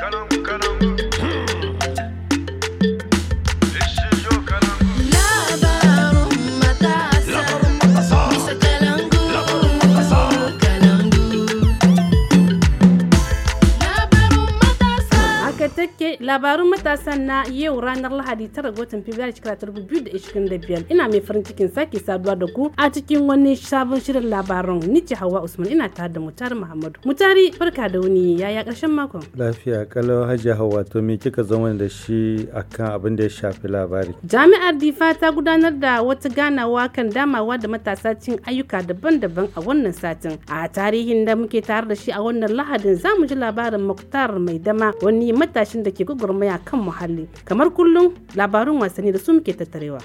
Calum, calum. labarun matasan na yau ranar lahadi tara ga watan fabrairu shekara ta dubu biyu da ishirin da biyar ina mai farin cikin sake saduwa da ku a cikin wani sabon shirin labaran ni ce hawa usman ina tare da mutari muhammadu mutari barka da wuni yaya karshen makon lafiya kalau hajiya hawa to me kika zama da shi akan abin da ya shafi labari jami'ar difa ta gudanar da wata ganawa kan damawa da matasa cin ayyuka daban-daban a wannan satin a tarihin da muke tare da shi a wannan lahadin za mu ji labarin muktar mai dama wani matashin da ke gwagwarmaya kan muhalli kamar kullum labarun wasanni da su muke tattarewa.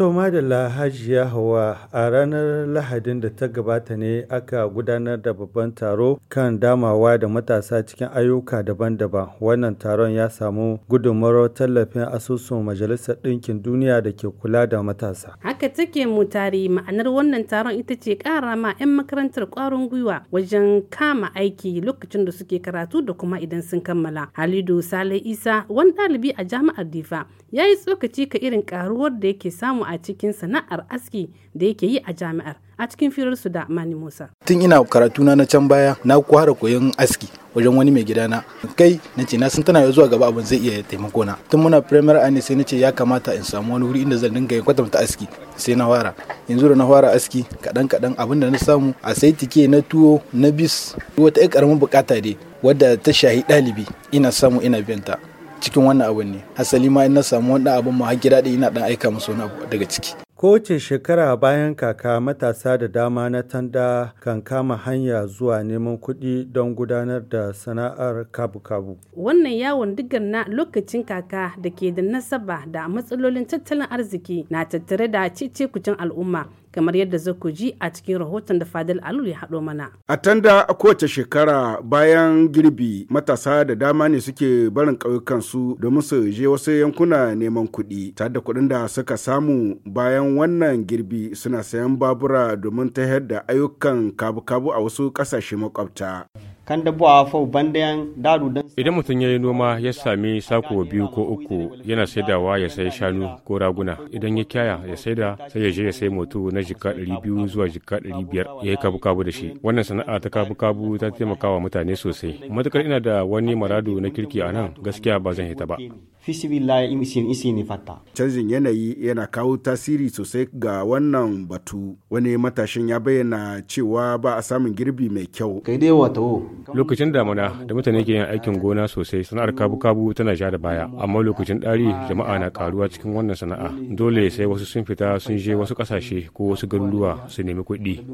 To madalla Hajiya Hauwa a ranar Lahadin da ta gabata ne aka gudanar da babban taro kan damawa da matasa cikin ayyuka daban-daban. Wannan taron ya samu gudunmawar tallafin asusun Majalisar Ɗinkin Duniya da ke kula da matasa. Haka take mu tare ma'anar wannan taron ita ce ƙara ma 'yan makarantar ƙwarin gwiwa wajen kama aiki lokacin da suke karatu da kuma idan sun kammala. Halidu Sale Isa wani ɗalibi a jami'ar Difa ya yi tsokaci ka irin ƙaruwar da yake samu a cikin sana'ar aski da yake yi a jami'ar a cikin firarsu da Mani Musa. Tun ina karatu na can baya na kwara koyon aski wajen wani mai gidana kai na ce na san tana zuwa gaba abin zai iya taimako na tun muna primary ani sai na ce ya kamata in samu wani wuri inda zan dinga yin kwatanta aski sai na fara yanzu da na fara aski kadan kadan abin da na samu a sai tike na tuwo na bis wata ƴar karamin bukata dai wadda ta shahi ɗalibi ina samu ina biyan ta. cikin wannan ne asali ma in na samu wannan abu ma har gida ina dan aika musu wani abu daga ciki kowace shekara bayan kaka matasa da dama na tanda kan kama hanya zuwa neman kuɗi don gudanar da sana'ar kabu-kabu. Wannan yawon digar na lokacin kaka da ke da nasaba da matsalolin tattalin arziki na tattare da cece kucin al'umma kamar yadda za ku ji a cikin rahoton da Fadil Alul ya haɗo mana. A tanda a kowace shekara bayan girbi matasa da dama ne suke barin su domin su je wasu yankuna neman kuɗi tare da kuɗin da suka samu bayan wannan girbi suna sayan babura domin ta da ayyukan kabu-kabu a wasu ƙasashe makwabta. fau Idan mutum ya yi noma ya sami sako biyu ko uku yana saidawa ya sai shanu ko raguna idan ya kyaya ya saida sai ya je ya sai moto na jika biyu zuwa jika biyar ya yi kabu-kabu da shi wannan sana'a ta kabu-kabu ta taimaka wa mutane sosai matukar ina da wani maradu na kirki a nan gaskiya ba zan hita ba. Canjin yanayi yana kawo tasiri sosai ga wannan batu wani matashin ya bayyana cewa ba a samun girbi mai kyau. Kai dai lokacin damuna da mutane ke yin aikin gona sosai sana'ar kabu-kabu tana sha da baya amma lokacin ɗari jama'a na karuwa cikin wannan sana'a dole sai wasu sun fita sun je wasu ƙasashe ko wasu garuruwa su nemi kuɗi.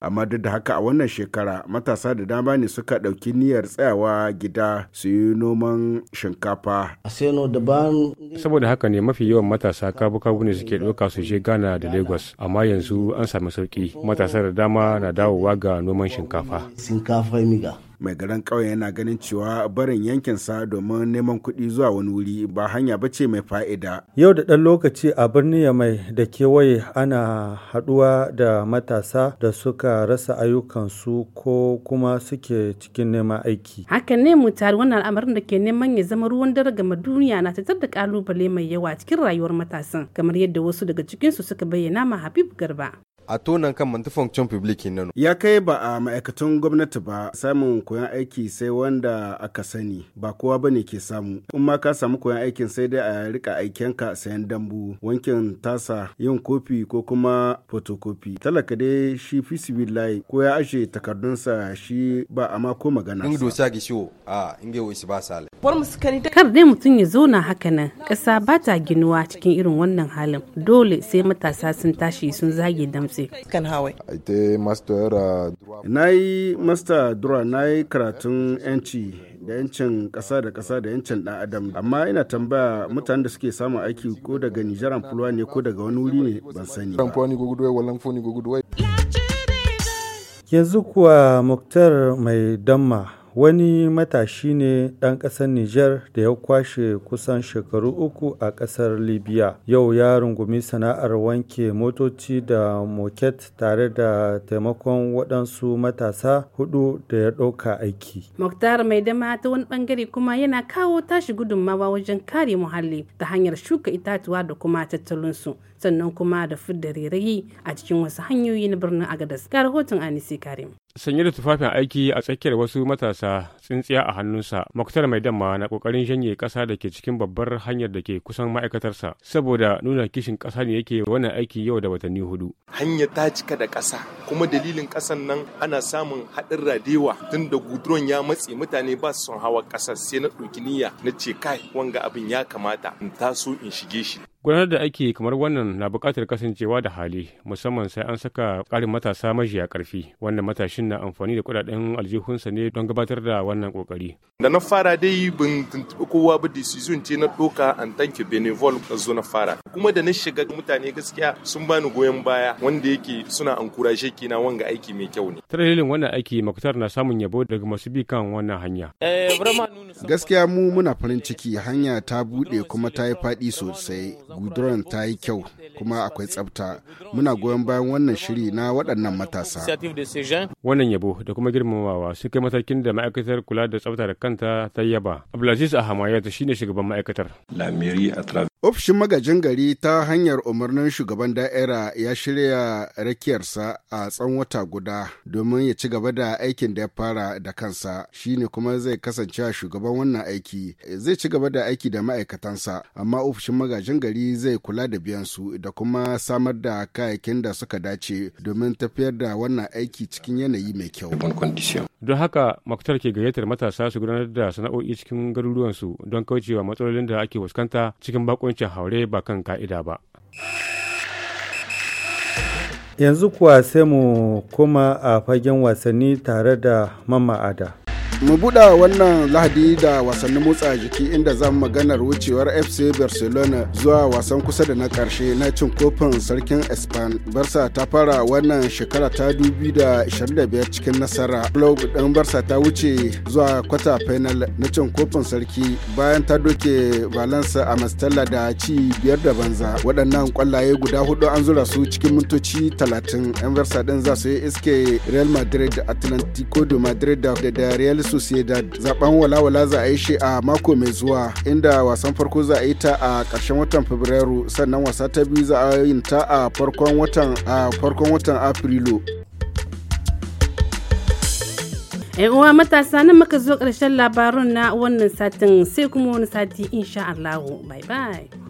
amma duk da haka a wannan shekara matasa da dama ne suka ɗauki niyyar tsayawa gida su yi noman shinkafa saboda haka ne mafi yawan matasa kabu-kabu ne suke ɗauka su je ghana da lagos amma yanzu an sami sauki matasa da dama na dawowa ga noman shinkafa mai garin ƙauyen yana ganin cewa barin yankinsa domin neman kuɗi zuwa wani wuri ba hanya ba ce mai fa'ida. Yau da ɗan lokaci a birni mai da kewaye ana haɗuwa da matasa da suka rasa ayyukansu ko kuma suke cikin neman aiki. Haka ne mu tare wannan al'amarin da ke neman ya zama ruwan dare game duniya na tattar da ƙalubale mai yawa cikin rayuwar matasan kamar yadda wasu daga cikinsu suka bayyana ma Habib Garba. a tonan kan mantu function public nan ya kai ba a ma'aikatan gwamnati ba samun koyon aiki sai wanda aka sani ba kowa bane ke samu in ma ka samu koyon aikin sai dai a rika aikenka sayan dambu wankin tasa yin kofi ko kuma photocopy talaka dai shi fisibillahi ko ya ashe takardunsa shi ba a ma ko magana in dosa shi a in wo wani ba sale kar dai mutum ya zauna haka nan ƙasa ba ta ginuwa cikin irin wannan halin dole sai matasa sun tashi sun zage damsi university kan hawai na yi master dura na yi karatun yanci da yancin kasa da kasa da yancin dan adam amma ina tambaya mutanen da suke samun aiki ko daga nijar amfulwa ne ko daga wani wuri ne ban sani yanzu kuwa muktar mai damma wani matashi ne ɗan ƙasar Nijar da ya kwashe kusan shekaru uku a ƙasar Libya. Yau ya rungumi sana'ar wanke motoci da moket tare da taimakon waɗansu matasa hudu da ya ɗauka aiki. Muktar mai dama ta wani ɓangare kuma yana kawo tashi gudunmawa wajen kare muhalli ta hanyar shuka itatuwa da kuma tattalinsu. sannan kuma da fidda rairayi a cikin wasu hanyoyi na birnin agadas ga rahoton anisi karim sanye da tufafin aiki a tsakiyar wasu matasa tsintsiya a hannunsa makutar mai damma na kokarin shanye kasa da ke cikin babbar hanyar da ke kusan ma'aikatarsa saboda nuna kishin kasa ne yake wannan aiki yau da watanni hudu hanya ta cika da kasa kuma dalilin kasan nan ana samun haɗin radewa tun da gudron ya matse mutane ba su son hawa kasa sai na ɗauki niyya na ce kai wanga abin ya kamata in taso in shige shi gwanar da ake kamar wannan na buƙatar kasancewa da hali musamman sai an saka ƙarin matasa a ƙarfi wannan matashin na amfani da kuɗaɗen aljihunsa ne don gabatar da wannan ƙoƙari. da na fara dai bin kowa ba decision ce na ɗoka an tanki benevol zo na fara kuma da na shiga mutane gaskiya sun bani goyon baya wanda yake suna an kurashe na wanga aiki mai kyau ne. ta dalilin wannan aiki makutar na samun yabo daga masu bi kan wannan hanya. Eh, gaskiya mu muna farin ciki hanya ta buɗe kuma ta yi faɗi sosai guduran ta yi kyau kuma akwai tsafta muna goyon bayan wannan shiri na waɗannan matasa wannan yabo da kuma girmamawa su kai matakin da ma'aikatar kula da tsafta da kanta ta yaba abdulaziz ahamayat shine shugaban ma'aikatar a Ofishin magajin gari ta hanyar umarnin shugaban da'ira ya shirya rakiyarsa a tsawon wata guda domin ya ci gaba da aikin da ya fara da kansa shi ne kuma zai kasance a shugaban wannan aiki zai ci gaba da aiki da ma'aikatansa amma ofishin magajin gari zai kula da biyansu da kuma samar da kayakin da suka dace domin tafiyar da wannan aiki cikin yanayi mai kyau. don haka maktar ke gayyatar matasa su gudanar da sana'o'i cikin garuruwansu don kaucewa matsalolin da ake fuskanta cikin bakoncin haure ba kan ka'ida ba yanzu kuwa sai mu kuma a fagen wasanni tare da ada mu buɗa wannan lahadi da wasannin motsa jiki inda zan maganar wucewar fc barcelona zuwa wasan kusa da na ƙarshe na cin kofin sarkin espan barsa ta fara wannan shekara ta 2025 cikin nasara club ɗin barsa ta wuce zuwa kwata final na cin kofin sarki bayan ta doke valencia a mastella da ci biyar da banza waɗannan ƙwallaye guda hudu an zura su cikin mintoci talatin yan barsa ɗin za su yi iske real madrid da atlantico de madrid da real sociedad zaben walawala za a yi shi a mako mai zuwa inda wasan farko za a yi ta a karshen watan fabrairu sannan wasa ta biyu za a yi ta a farkon watan a farkon watan afrilu yan uwa matasa nan maka zo ƙarshen labarun na wannan satin sai kuma wani sati insha allahu bye bye